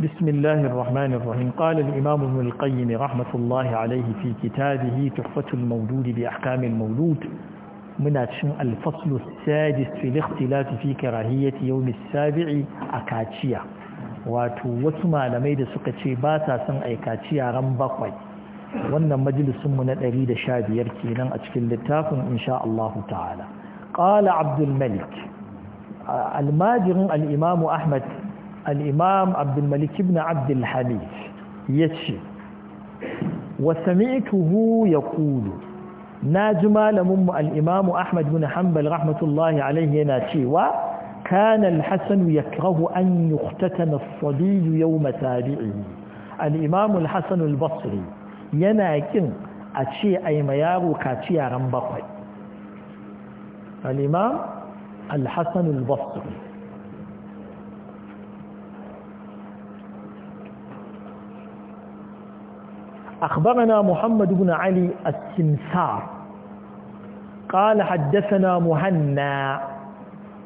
بسم الله الرحمن الرحيم قال الإمام ابن القيم رحمة الله عليه في كتابه تحفة المولود بأحكام المولود من الفصل السادس في الاختلاف في كراهية يوم السابع أكاتشيا وتوسما لميد سكتشي باتا سن أكاتشيا رمبقوي وأن مجلس من الأريد شابير كينا أتكل لتاكم إن شاء الله تعالى قال عبد الملك الماجر الإمام أحمد al’imam abdulmalik ibn abdulhamid ya ce wa sami'tuhu ya kulu na ji malaminmu al’imamu ahmad bin hanbal rahmatullahi alaihi yana cewa kana al-hassanu yakrahu kirahu an yi kutata na sadiyu yau matari'i al’imamu hassanu al-basri yana kin a ce a yi yaro kaciya ran bakwai al’imam al-basri أخبرنا محمد بن علي السمسار قال حدثنا مهنا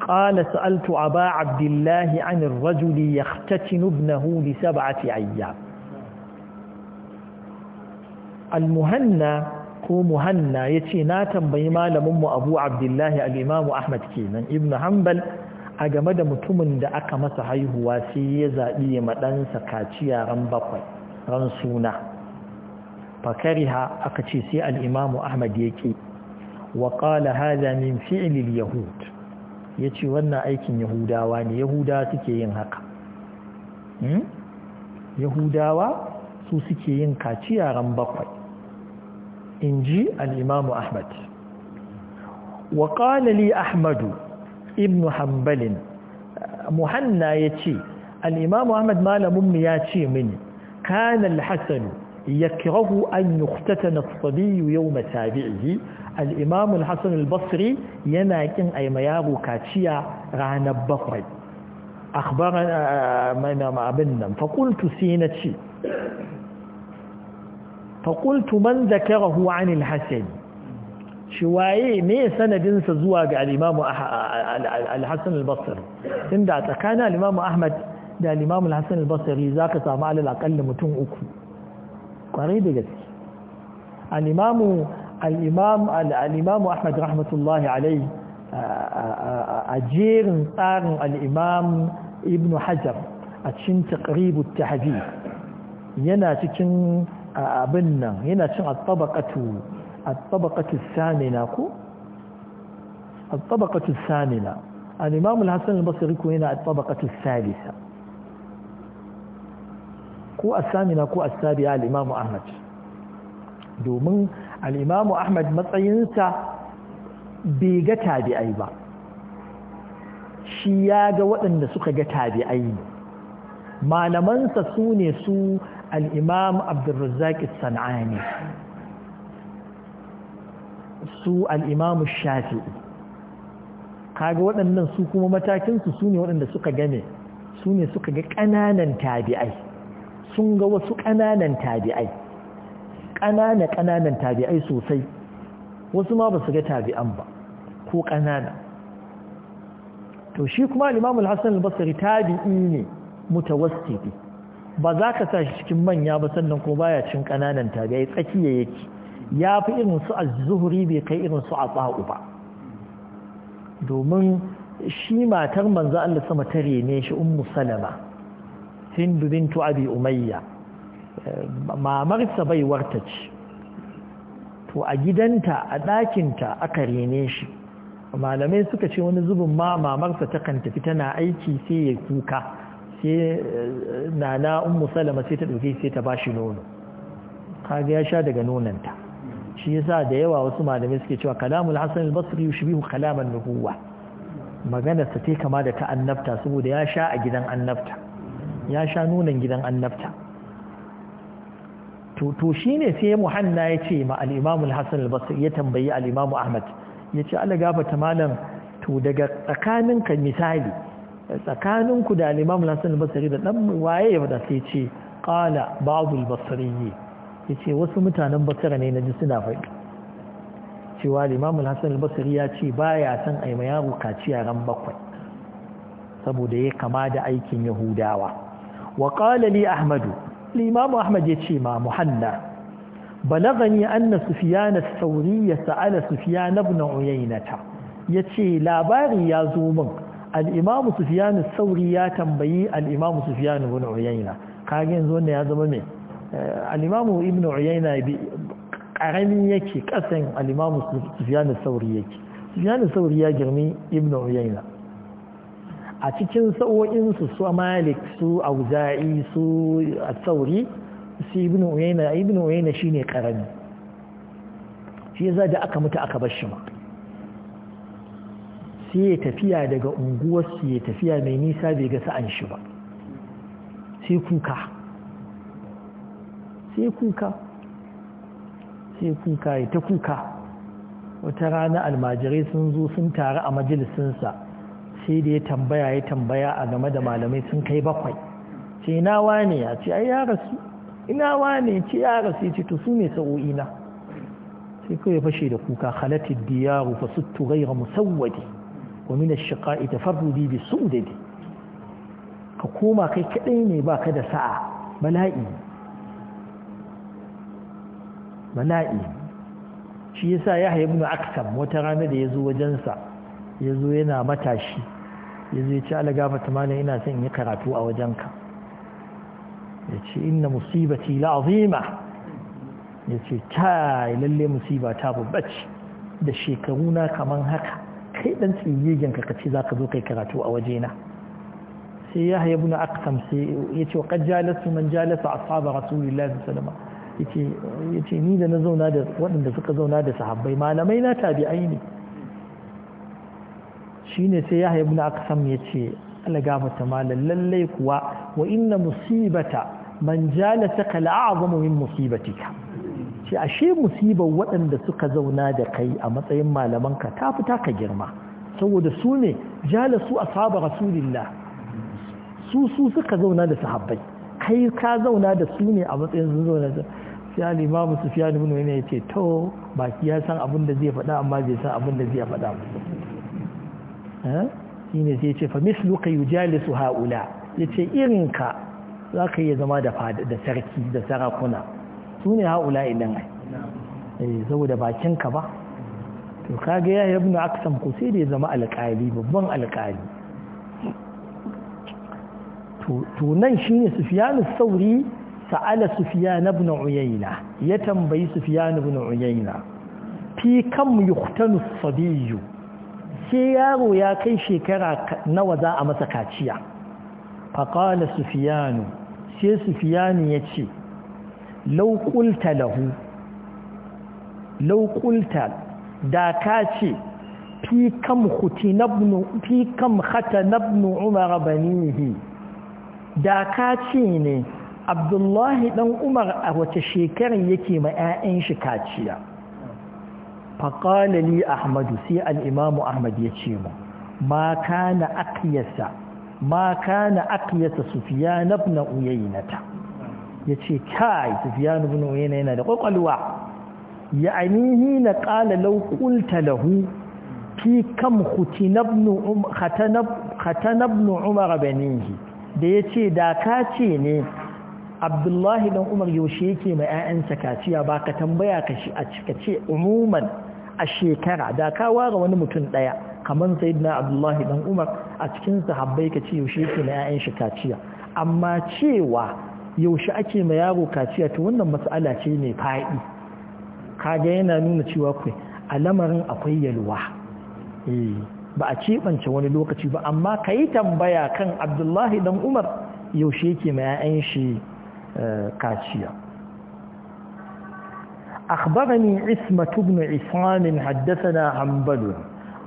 قال سألت أبا عبد الله عن الرجل يختتن ابنه لسبعة أيام المهنا هو مهنا يتيناتا بيما لمم أبو عبد الله الإمام أحمد كيمن ابن حنبل أجمد متمن دأك مسحيه واسيزا إيمتان سكاتيا رنبقى رنسونا رنسونا fakariha aka ce sai al'imamu ahmad yake wa ƙala haza min fi'ilil yahud ya ce wannan aikin yahudawa ne yahudawa suke yin haka hmm? yahudawa su suke yin kaci yaran bakwai in ji al'imamu ahmad wa ƙala li ahmadu ibn Hambalin, muhanna ya ce al'imamu ahmad malaminmu ya ce mini kanal hassanu يكره أن يختتن الصبي يوم تابعه الإمام الحسن البصري يناكن أي مياغو كاتشيا غانا بقري أخبرنا آه، ما أبنا فقلت سينتشي فقلت من ذكره عن الحسن شوائي مي جنس الزواج على الإمام الحسن البصري عند كان الإمام أحمد da الإمام الحسن البصري za ka samu متون أكو kwarai da gaske al'imamu al'imamu ahmad rahmatullahi alai a jerin tsarin al'imam ibn hajar a cin taqribu tahdi yana cikin abin nan yana cin at-tabaqatu samina ku? at-tabaqatu samina al al al yana at salisa ko asamina ko a asabiya al'imamu ahmad domin al'imamu ahmad matsayinsa bai ga tabi'ai ba shi ya ga waɗanda suka ga tabi'ai ne malamansa su ne su al'imam abdurrazzaki sana'ani su al'imamu shafi'i kaga waɗannan su kuma matakinsu su ne waɗanda suka game su ne suka ga ƙananan tabi'ai sun ga wasu ƙananan tabi'ai ƙanana ƙananan tabi'ai sosai wasu ma ba su ga tabi'an ba ko ƙanana to shi kuma limamul hassan al-basri tabi'i ne mutawassiti ba za ka sa shi cikin manya ba sannan ko baya cin ƙananan tabi'ai tsakiya yake ya fi irin su az bai kai irin su atsa'u ba domin shi matar manzo Allah sama ta rene shi ummu salama hind bintu abi umayya mamarsa bai warta ce to a gidanta a ɗakinta aka rene shi malamai suka ce wani zubin ma mamarsa kan tafi tana aiki sai ya kuka sai eh, nana ummu salama sai ta ɗauke sai ta bashi nono kaga ya sha daga nonanta shi yasa da yawa wasu malamai suke cewa kalamul hasan al-basri yushbihu kalaman nubuwa magana sa kama da ta annabta saboda ya sha a gidan annabta ya sha nunan gidan annabta to shi ne sai muhanna ya ce ma al'imamu hassan al-basri ya tambayi al'imamu ahmad ya ce ala ta malam to daga tsakaninka misali tsakaninku da al'imamu hassan al-basri da ɗan waye ya faɗa sai ce ƙala babu al yi ya ce wasu mutanen basira ne na ji suna faɗi cewa al'imamu hassan al-basri ya ce ba ya san ma yaro kaciya ran bakwai saboda ya kama da aikin yahudawa wa ƙalali ahmadu limamu ahmad ya ce ma muhanna balagani anna sufiya na sauri ya sa'ala sufiya na buna ya ce labari ya zo min al'imamu sufiya na sauri ya tambayi al'imamu sufiya na buna uyaina kagen zuwa ya zama mai eh, al'imamu ibn uyaina ƙarami yake ƙasan al'imamu sufiya na sauri yake sufiya na sauri ya girmi ibn uyaina a cikin sa'o'insu su malik su auza'i su atsauri su ibn uyayna ibn uyayna shine karami shi yasa da aka mutu aka bar shi ma sai ya tafiya daga unguwar su ya tafiya mai nisa bai ga sa'an shi ba sai kuka sai kuka sai kuka ya ta kuka wata rana almajirai sun zo sun taru a majalisinsa sai da ya tambaya ya tambaya a game da malamai sun kai bakwai ce na wane ya ce ai ya rasu ina wane ce ya rasu ya ce to su ne sa'o'i na sai kawai fashe da kuka halatid diyaru fa suttu ghayra musawwadi wa min ash-shiqa'i tafarrudi bi sudadi ka koma kai kadai ne baka da sa'a bala'i bala'i shi yasa ya ibn Aksam wata rana da yazo wajensa ya zo yana matashi ya zai ci ala gafata malam ina son yi karatu a wajenka ya ce inna musibati la'azima ya ce ta lalle musiba ta babbace da shekaru na kaman haka kai ɗan tsiyigen ka kace zaka zo kai karatu a wajena sai ya haya buna aqsam sai ce wa qad man jalasa ashab rasulillahi sallallahu alaihi wasallam yace ni da na zauna da waɗanda suka zauna da sahabbai malamai na tabi'ai ne shine sai ya na aka aqsam ya ce gafarta ma lallai kuwa wa inna musibata man jalataka la'azamu min musibatika ce ashe musibar waɗanda suka zauna da kai a matsayin malamanka ta fita ka girma saboda su ne su a saba rasulillah su su suka zauna da sahabbai kai ka zauna da su ne a matsayin sun zauna da sai al-imamu sufyan ibn ya yace to baki ya san abin da zai faɗa amma bai san abin da zai faɗa shi ne sai ce fa misluka yujalisu haula yace irin za ka iya zama da sarki da sarakuna su ne haula idan ai eh, saboda bakinka ba to kaga ya ibn aksam ko sai da ya zama alƙali babban alƙali to nan shine sufyan sauri sa'ala sufyan ibn uyayna ya tambayi sufyan ibn uyayna fi kam yuqtanu as-sabiyyu sai yaro ya kai shekara nawa za a masa kaciya faƙala sufiyanu sai sufiyanu ya ce laukulta lahu laukulta da ka ce fi kam hata nabnu umar banihi da ka ce ne abdullahi ɗan umar a wace shekarar yake ma 'ya'yan shi kaciya faƙala li ahmadu sai al'imamu ahmad ya ce mu ma kana akiyasa ma kana akiyasa uyaynata yace kai sufiyan ibn uyayna yana da ya ya'anihi na ƙala law qulta lahu fi kam khutina ibn um umar da yace da ka ce ne abdullahi dan umar yaushe yake mai ƴaƴansa kaciya ba ka tambaya ka shi a ce umuman a shekara da ka ware wani mutum ɗaya kamar sayyidina abdullahi dan umar a cikin sahabbai ka ce yaushe ke na 'ya'yan shi kaciya amma cewa yaushe ake ma yaro kaciya to wannan mas'ala ce mai faɗi kaga yana nuna cewa kai a lamarin akwai yalwa eh, ba a keɓance wani lokaci ba amma ka yi tambaya kan abdullahi dan umar yaushe ke ma 'ya'yan shi eh, kaciya أخبرني عسمة بن عصام حدثنا حنبل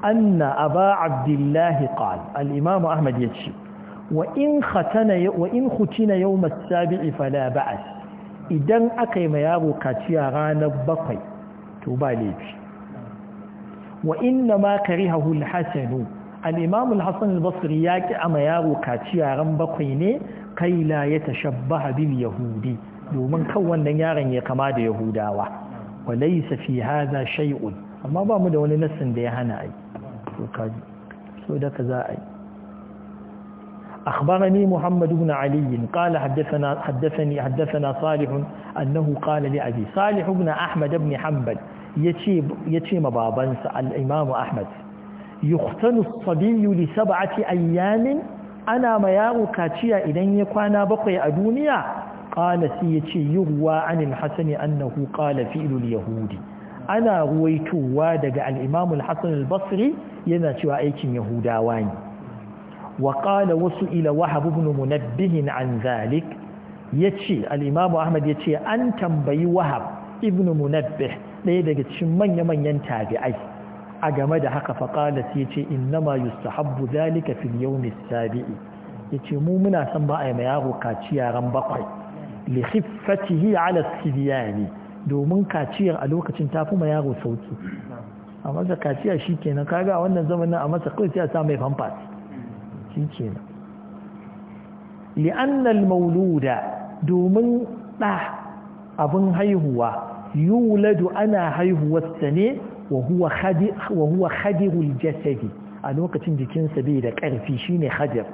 أن أبا عبد الله قال الإمام أحمد يتشي وإن ختن, وإن ختن يوم السابع فلا بأس إذن أقيم يابو كاتيا غانا بقي توبا ليبش وإنما كرهه الحسن الإمام الحسن البصري ياك أما يابو كاتيا غان بقيني كي لا يتشبه باليهودي domin kan wannan yaron ya kama da yahudawa wa laysa fi hadha shay'un amma ba mu da wani nassin da ya hana ai to kaji so da kaza ai أخبرني محمد بن علي قال حدثنا حدثني حدثنا صالح أنه قال لأبي صالح بن أحمد بن حنبل يتيم بابنس الإمام أحمد يختن الصبي لسبعة أيام أنا ما يارو كاتيا إذن يكوانا بقي أدونيا qala si yace yuwa anil hasan annahu qala fi'lul yahudi ana ruwaitowa daga al-imam al-hasan al-basri yana cewa aikin yahudawa ne wa qala wasu ila wahab ibn munabbih an zalik yace al-imam ahmad yace an tambayi wahab ibn munabbih ɗaya daga cikin manya-manyan tabi'ai a game da haka faƙalas ya ce innama yustahabbu zalika fil yawmi sabi'i ya ce mu muna san ba a yi ma yaro kaciya ran bakwai li khiffatihi ala sibyani domin kaciyar a lokacin tafi ma yaro sauki a masa kaciya shi shikenan kaga a wannan zamanin a masa kawai sai a sa mai famfas Shi kenan. al-mauluda domin ɗa abin haihuwa yuladu ana haihuwarsa ne wa huwa khadirul jasadi a lokacin jikinsa bai da ƙarfi shine khadir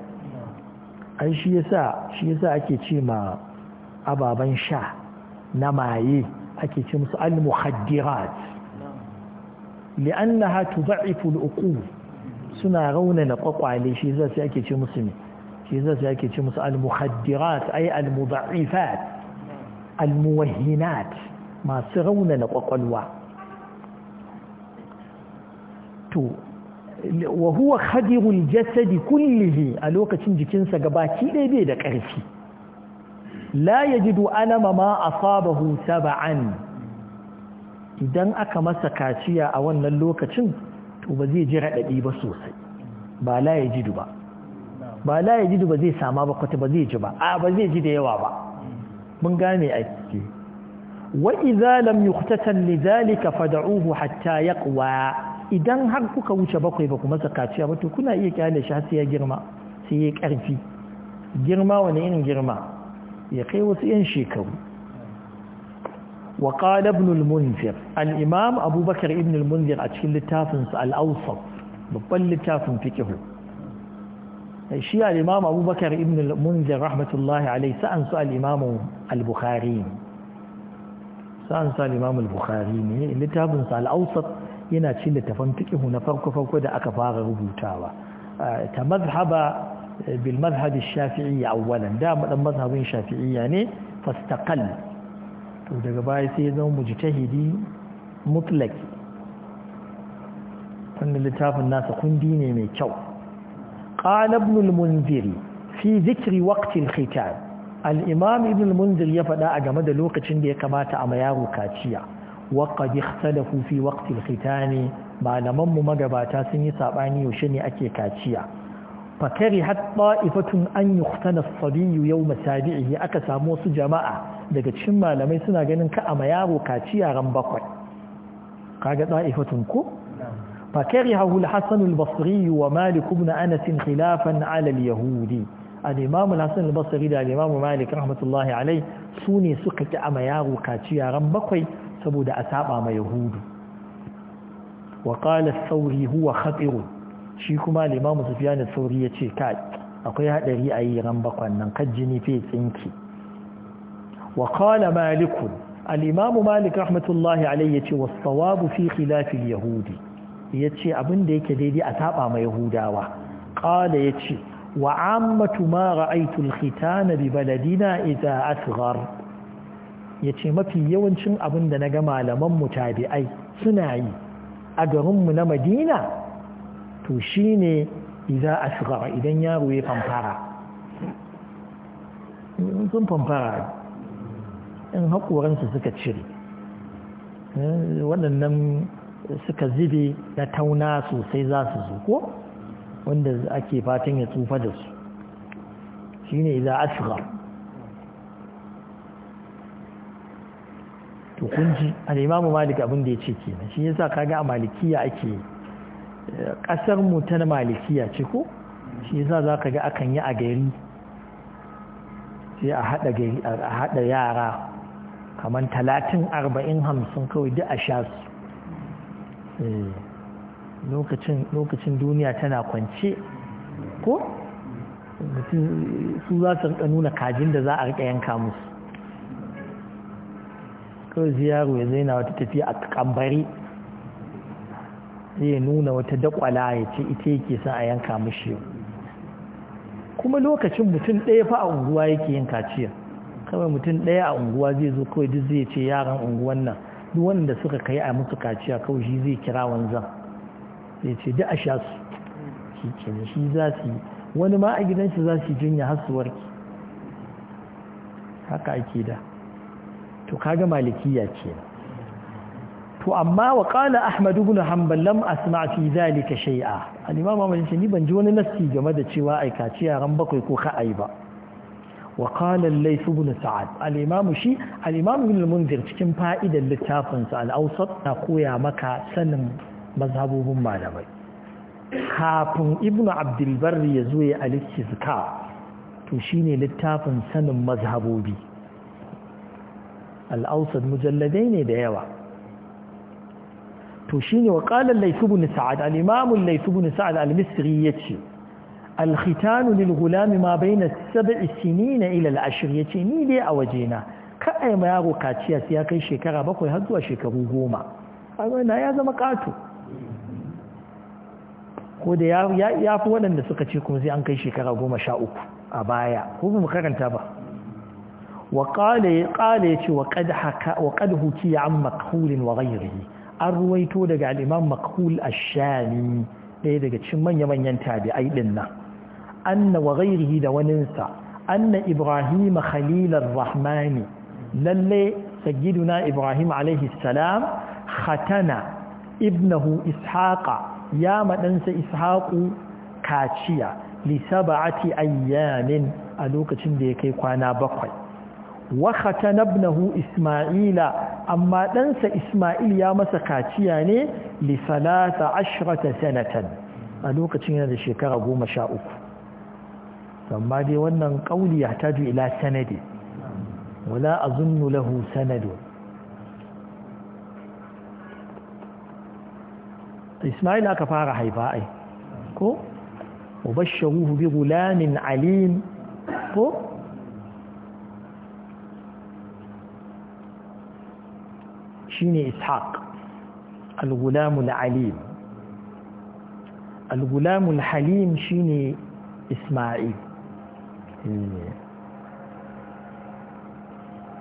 ai shi yasa shi yasa ake ce ma ababen sha na maye ake ce musu al-mukhaddirat li'annaha tudha'ifu al-uqul suna raunana kwakwale shi zai sai ake ce musu ne shi zai sai ake ce musu al al al-muwahhinat masu raunana kwakwalwa to wa huwa khadirul jasadi kullihi a lokacin jikinsa gabaki ɗaya bai da ƙarfi la yajidu alama ma asabahu sab'an idan aka masa kaciya a wannan lokacin to ba zai ji raɗaɗi ba sosai ba la yajidu ba ba la yajidu ba zai sama ba kwata ba zai ji ba a ba zai ji da yawa ba mun gane a ciki wa idza lam yuqtatan zalika fad'uhu hatta yaqwa idan har kuka wuce bakwai ba kuma kaciya ba to kuna iya kyale shi har sai ya girma sai ya karfi girma wani irin girma ya kai wasu 'yan shekaru wa munzir an imam abubakar ibnul munzir a cikin littafinsu al'ausar babban littafin fikihu shi al'imam abubakar ibnul munzir rahmatullahi alaihi sa'an su al'imam al-bukhari sa'an su ne littafinsu al'ausar yana cikin littafin fikihu na farko-farko da aka fara rubutawa ta mazhaba بالمذهب الشافعي أولا دام المذهب الشافعي يعني فاستقل daga baya sai ya zama mujtahidi mutlaki wannan littafin nasa kundi ne mai kyau qala ibn al fi dhikri waqti al-khitab al-imam ibn ya faɗa a game da lokacin da ya kamata a mayaru kaciya wa qad ikhtalafu fi waqti malaman mu magabata sun yi sabani yaushe ne ake kaciya fakari hatta ifatun an yi kutana sabiyu yau masabi'i aka samu wasu jama'a daga cikin malamai suna ganin ka a mayaro kaci yaran bakwai kaga ɗa ifatun ku fakari hahul hassan al wa malik ibn anas khilafan ala al-yahudi al-imam hassan basri da al malik rahmatullahi alai su ne suka ki a yaro kaci yaran bakwai saboda a saɓa ma yahudu wa qala thawri huwa khatirun shi kuma limamu sufiyan sauri ya ce kai akwai haɗari a yi ran bakwan nan kajjini fe tsinki wa qala malikun al-imam malik rahmatullahi alai yace ce wasu fi khilaf yahudi yace abin da yake daidai a saba ma yahudawa ya yace wa ammatu ma ra'aitul al na bi baladina idha Ya yace mafi yawancin abin da ga malaman tabi'ai suna yi a garinmu na madina to shi shine a asghara idan yaro ya fanfara sun fanfara in haƙoransu suka cire waɗannan suka zube na tauna sosai za su zo ko wanda ake fatan ya tsufa da su shi shine a asghara to kunji al-imamu malik abin da ya ce ke shi yasa kaga a malikiya ake ƙasar mu ta malikiya ce ko shi yasa za ka ga akan yi a gari sai a haɗa gari a haɗa yara kamar talatin arba'in hamsin kawai duk a sha su eh, lokacin duniya tana kwance ko su za su rika nuna kajin da za a rika yanka musu kawai ziyaro ya zaina wata tafiya a kambari zai ya nuna wata dakwala ya ce ita yake sa a yanka mishi kuma lokacin mutum ɗaya fa a unguwa yake yin kaciya kawai mutum ɗaya a unguwa zai zo kawai duk zai ce yaran unguwan nan duk wanda suka kai a musu kaciya kawai shi zai kira wanzan zai ce duk a sha su shi kenan shi za su yi wani ma a gidansu za su jinya har su warke haka ake da to kaga malikiya kenan to amma wa qala ahmad ibn hanbal lam asma fi zalika shay'a al-imam Ahmad ni ban ji wani nassi game da cewa ai kaciya ran bakwai ko ka ai ba wa qala al-layth ibn sa'ad al-imam shi al-imam ibn al-munzir cikin fa'idar littafin sa al-awsat na koya maka sanin mazhabobin malamai kafin ibn abdul barr ya zo ya al-istizkar to shine littafin sanin mazhabobi al-awsat mujalladai ne da yawa توشيني وقال الليث بن سعد الإمام الليث بن سعد المصري الختان للغلام ما بين السبع سنين إلى العشر نيدي او جينا كأي ما يغو كاتيا سياكي شكرا بكو يهدو شكرو غوما أقول لا يازا ما قاتو قد يافو أن نسوك تيكم زي أنكي شكرا غوما شاوك أبايا هو مكرا تابا وقال قال وقد حكا وقد هتي عن مقهول وغيره an ruwaito daga al'imam makhul shani ɗaya daga cikin manya-manyan tabi a ɗin nan anna wa gairihi da waninsa na ibrahim khalilar rahmani lalle sayyiduna ibrahim alaihi khatana ibnahu ishaqa ya maɗansa ishaqu kaciya a ti ayyamin a lokacin da ya kai kwana bakwai wa khatana ibnahu isma'ila amma ɗansa Ismail ya masa kaciya ne li salata ashrata sanatan a lokacin yana da shekara goma sha uku amma dai wannan ƙauli ya taju ila sanadi wala a zunnu lahu sanadu Ismail aka fara haifa ai ko ruhu bi gulamin alim ko shine ishaq al-gulamul alim al-gulamul halim shine isma'il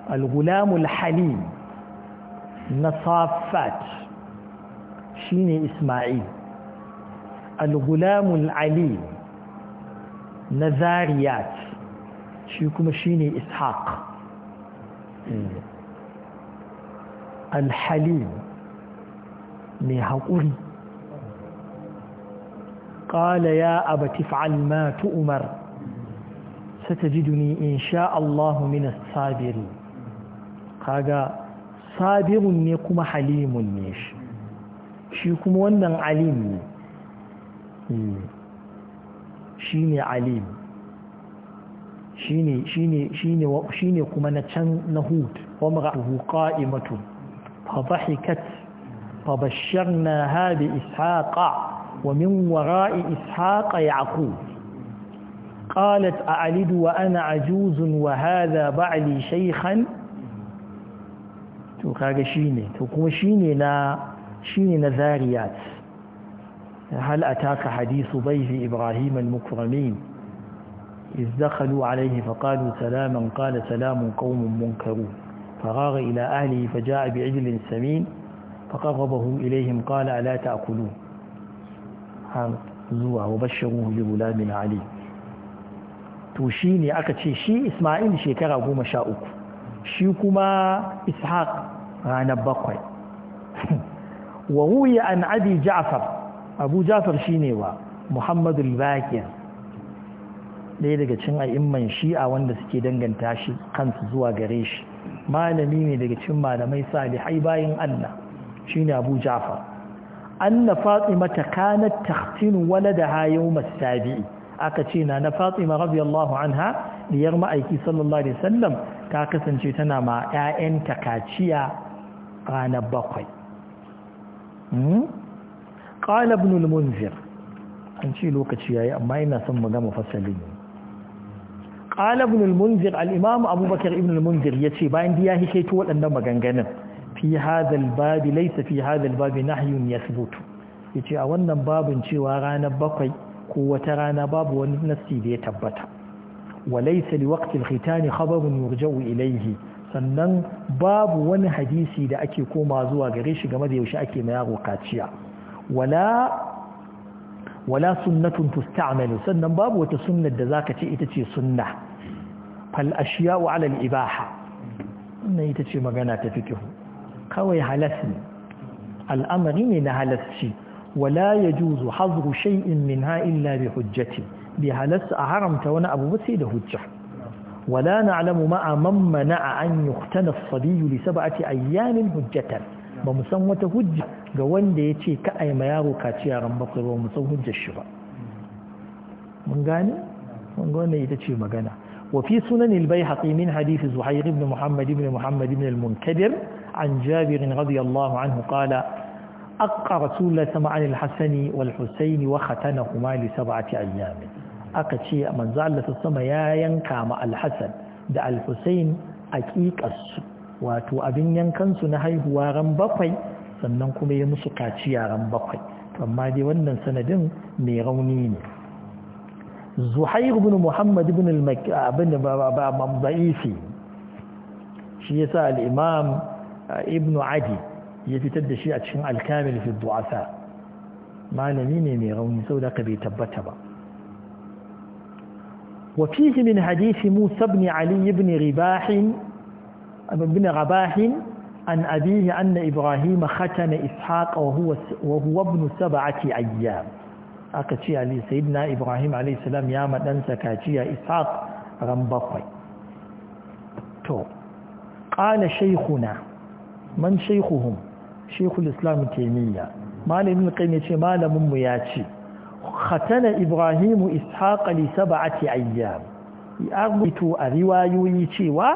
al-gulamul halim na safat shine isma'il al-gulamul alim na zariyat shi kuma shine ishaq alhalim mai haƙuri ƙala ya abati fa'al ma tu'umar satajiduni in sha Allahu minas sabiri kaga sabirun ne kuma halimun ne shi shi kuma wannan alim ne shi ne alim shi ne kuma na can na hud wa mara'uhu qa'imatun فضحكت فبشرناها بإسحاق ومن وراء إسحاق يعقوب قالت أعلد وأنا عجوز وهذا بعلي شيخا تقول شيني تقول شيني نا شيني نذاريات هل أتاك حديث ضيف إبراهيم المكرمين إذ دخلوا عليه فقالوا سلاما قال سلام قوم منكرون فراغ إلى أهله فجاء بعجل سمين فقربه إليهم قال ألا تأكلون zuwa wa bashirin hujjibu lamina to shi aka ce shi ismail shekara goma sha uku shi kuma ishaq ranar bakwai wa wuya an abi ja'far abu ja'far shine wa muhammadu al-bakir ɗaya daga cin a'imman shi'a wanda suke danganta shi kansu zuwa gare shi malami ne daga cikin malamai salihai bayan Allah shine Abu Ja'far anna Fatima ta kanat tahtinu waladaha yawm as-sabi'i aka ce na na Fatima radiyallahu anha diyar ma'aiki sallallahu alaihi wasallam ta kasance tana ma ta kaciya ranar bakwai hmm? qala ibn al-munzir an ce lokaci yayi amma ina son mu ga mufassali qala ibn al-munzir al-imam abubakar ibn al-munzir yace bayan ya hikaito waɗannan maganganun fi hadha al-bab laysa fi hadha al-bab nahyun yathbutu yace a wannan babun cewa ranar bakwai ko wata rana babu wani nassi da ya tabbata wa laysa li waqti al-khitan khabarun yurja'u ilayhi sannan babu wani hadisi da ake koma zuwa gare shi game da yaushe ake ma kaciya wala wala sunnatun tusta'malu sannan babu wata sunnar da zaka ce ita ce sunna al'ashiya wa alal ibaha wannan ita ce magana ta kihu kawai halas ne al'amari ne na halasci wala ya juzu hazru shai'in min ha illa bi hujjati bi halas a haramta wani abu ba sai da hujja wala na'lamu ma'a man mana'a an yuhtana as-sabiy li sab'ati ayyamin hujjatar ba mu san wata hujja ga wanda ya ce ka ai ma yaro kaciya ran bakwai ba mu san hujjar shi ba mun gane mun gane ita ce magana وفي سنن البيهقي من حديث زهير بن محمد بن محمد بن المنكدر عن جابر رضي الله عنه قال أقى رسول الله سمع عن الحسن والحسين وختنهما لسبعة أيام أقشي من زعل السماء يا ينكام الحسن دع الحسين أكيك السو واتو أبن ينكنس نهيه وارن بقي sannan kuma ya musu kaciya ran bakwai amma dai wannan sanadin mai rauni ne زحير بن محمد بن المك بن ضعيفي شيء الإمام ابن عدي شيعة شيء الكامل في الضعفاء ما نمين يميرون سودا قبي تبتبا وفيه من حديث موسى بن علي بن رباح بن رباح عن أبيه أن إبراهيم ختم إسحاق وهو وهو ابن سبعة أيام aka ce ali sayyidina ibrahim a.s. salam ya madansa kaciya ishaq ran bakwai to qala shaykhuna man shaykhuhum shaykhul islam taymiya malamin kai ne ce malaminmu ya ce khatana ibrahim ishaq li sab'ati ayyam ya rubuto a riwayoyi cewa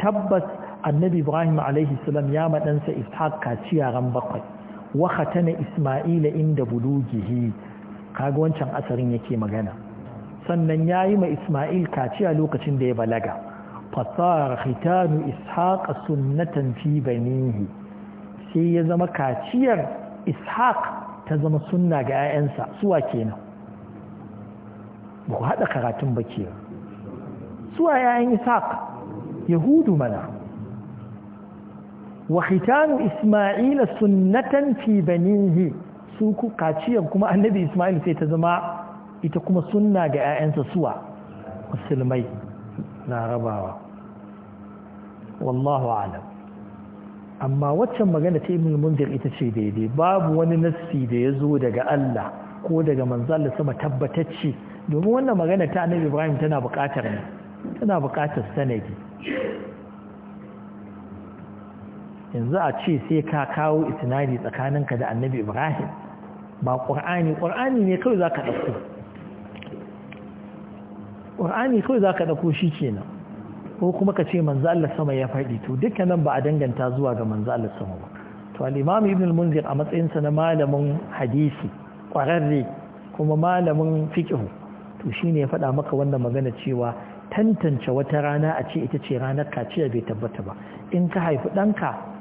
tabbas annabi ibrahim a.s. salam ya madansa ishaq kaciya ran bakwai wa khatana isma'ila inda bulugihi kaga wancan asarin yake magana sannan ya yi ma isma'il kaciya lokacin da ya balaga fasar khitanu ishaq sunnatan fi banihi sai ya zama kaciyar ishaq ta zama sunna ga 'ya'yansa suwa kenan ba ku haɗa karatun ba ke suwa 'ya'yan ishaq yahudu mana wa khitanu isma'ila sunnatan fi banihi su kaciyan kuma annabi ismail sai ta zama ita kuma sunna ga 'ya'yansa suwa musulmai na rabawa wallahu alam amma waccan magana ta ibn munzir ita ce daidai babu wani nassi da ya zo daga Allah ko daga manzal sama tabbatacce domin wannan magana ta annabi ibrahim tana buƙatar tana buƙatar sanadi yanzu a ce sai ka kawo itinari tsakaninka da annabi ibrahim ba ƙur'ani ƙur'ani ne kawai za ka ɗauko ƙur'ani kawai za ka ɗauko shi ke nan ko kuma ka ce manzo Allah sama ya faɗi to nan ba a danganta zuwa ga manzo Allah sama ba to al-imam ibn al-munzir a matsayinsa na malamin hadisi ƙwararre kuma malamin fiqh to shine ya faɗa maka wannan magana cewa tantance wata rana a ce ita ce ranar kaciya bai tabbata ba in ka haifi ɗanka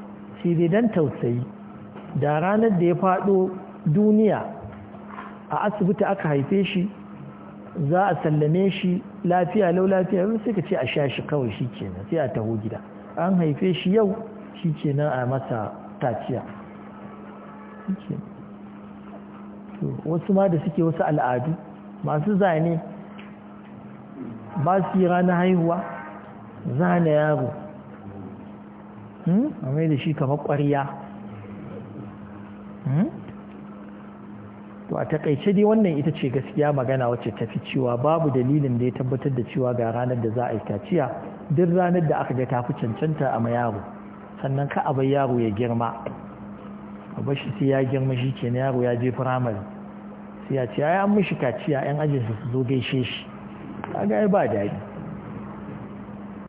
sai ne dan tausayi da ranar da ya faɗo duniya a asibiti aka haife shi za a sallame shi lafiya lau lafiya yau sai ka ce a sha shi kawai shi kenan sai a taho gida an haife shi yau shi kenan a masa taciya wasu ma da suke wasu al'adu masu zane ba su yi ranar haihuwa zane yaro Hmm? a mai da shi kamar ƙwariya hmm? to a taƙaice dai wannan ita ce gaskiya magana wacce ta fi cewa babu dalilin da ya tabbatar da cewa ga ranar da za a yi kaciya duk ranar da aka ga ta fi cancanta a yaro sannan ka abai yaro ya girma a bashi sai ya girma shi ke yaro ya je firamare sai ya ce ya yi an mishi kaciya yan ajinsa su zo gaishe shi kaga ya ba daɗi